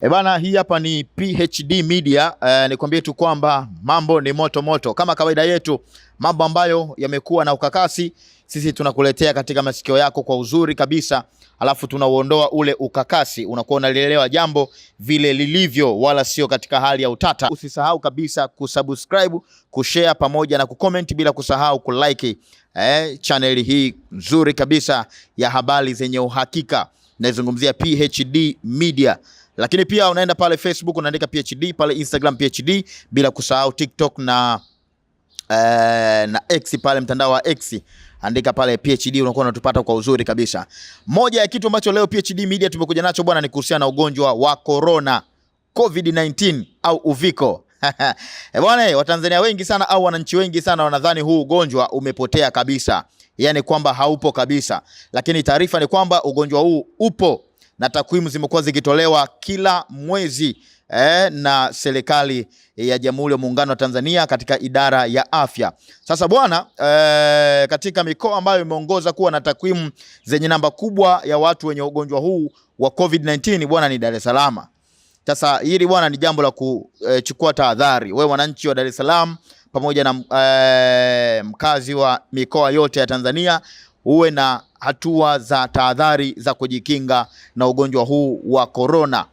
E bana, hii hapa ni PHD Media. E, nikwambie tu kwamba mambo ni moto moto kama kawaida yetu, mambo ambayo yamekuwa na ukakasi sisi tunakuletea katika masikio yako kwa uzuri kabisa, alafu tunauondoa ule ukakasi, unakuwa unalielewa jambo vile lilivyo, wala sio katika hali ya utata. Usisahau kabisa kusubscribe, kushare pamoja na kucomment, bila kusahau kulike e, chaneli hii nzuri kabisa ya habari zenye uhakika. Naizungumzia PHD Media lakini pia unaenda pale Facebook unaandika PhD, pale Instagram PhD, bila kusahau TikTok na Uh, na X pale mtandao wa X andika pale PhD, unakuwa unatupata kwa uzuri kabisa. Moja ya kitu ambacho leo PhD Media tumekuja nacho bwana ni kuhusiana na ugonjwa wa corona COVID-19 au uviko e bwana, Watanzania wengi sana au wananchi wengi sana wanadhani huu ugonjwa umepotea kabisa, yani kwamba haupo kabisa, lakini taarifa ni kwamba ugonjwa huu upo na takwimu zimekuwa zikitolewa kila mwezi eh, na serikali ya Jamhuri ya Muungano wa Tanzania katika idara ya afya. Sasa bwana eh, katika mikoa ambayo imeongoza kuwa na takwimu zenye namba kubwa ya watu wenye ugonjwa huu wa COVID-19 bwana ni Dar es Salaam. Sasa hili bwana ni jambo la kuchukua tahadhari, wewe wananchi wa Dar es Salaam pamoja na eh, mkazi wa mikoa yote ya Tanzania uwe na hatua za tahadhari za kujikinga na ugonjwa huu wa korona.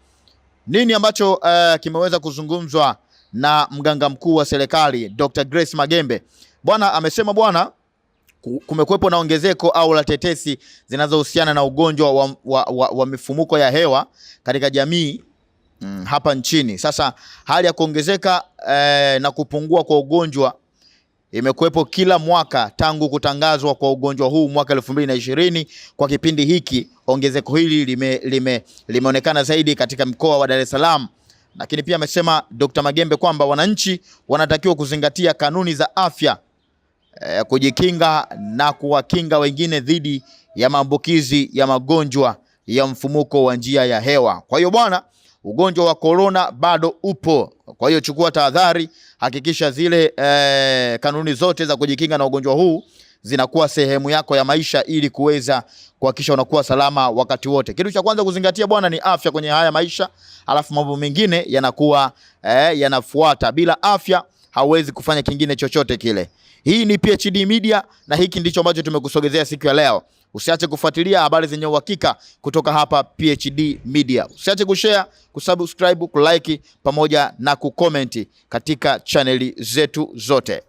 Nini ambacho uh, kimeweza kuzungumzwa na mganga mkuu wa serikali Dr. Grace Magembe? Bwana amesema bwana kumekuwepo na ongezeko au la tetesi zinazohusiana na ugonjwa wa, wa, wa, wa mifumuko ya hewa katika jamii mm, hapa nchini. Sasa hali ya kuongezeka eh, na kupungua kwa ugonjwa imekuwepo kila mwaka tangu kutangazwa kwa ugonjwa huu mwaka elfu mbili na ishirini. Kwa kipindi hiki ongezeko hili lime, lime, limeonekana zaidi katika mkoa wa Dar es Salaam, lakini pia amesema Dr. Magembe kwamba wananchi wanatakiwa kuzingatia kanuni za afya eh, kujikinga na kuwakinga wengine dhidi ya maambukizi ya magonjwa ya mfumuko wa njia ya hewa. Kwa hiyo bwana, ugonjwa wa korona bado upo. Kwa hiyo chukua tahadhari, hakikisha zile eh, kanuni zote za kujikinga na ugonjwa huu zinakuwa sehemu yako ya maisha ili kuweza kuhakikisha unakuwa salama wakati wote. Kitu cha kwanza kuzingatia bwana ni afya kwenye haya maisha, alafu mambo mengine yanakuwa eh, yanafuata. Bila afya hauwezi kufanya kingine chochote kile. Hii ni PHD Media na hiki ndicho ambacho tumekusogezea siku ya leo. Usiache kufuatilia habari zenye uhakika kutoka hapa PHD Media. Usiache kushare, kusubscribe, kulike pamoja na kukomenti katika chaneli zetu zote.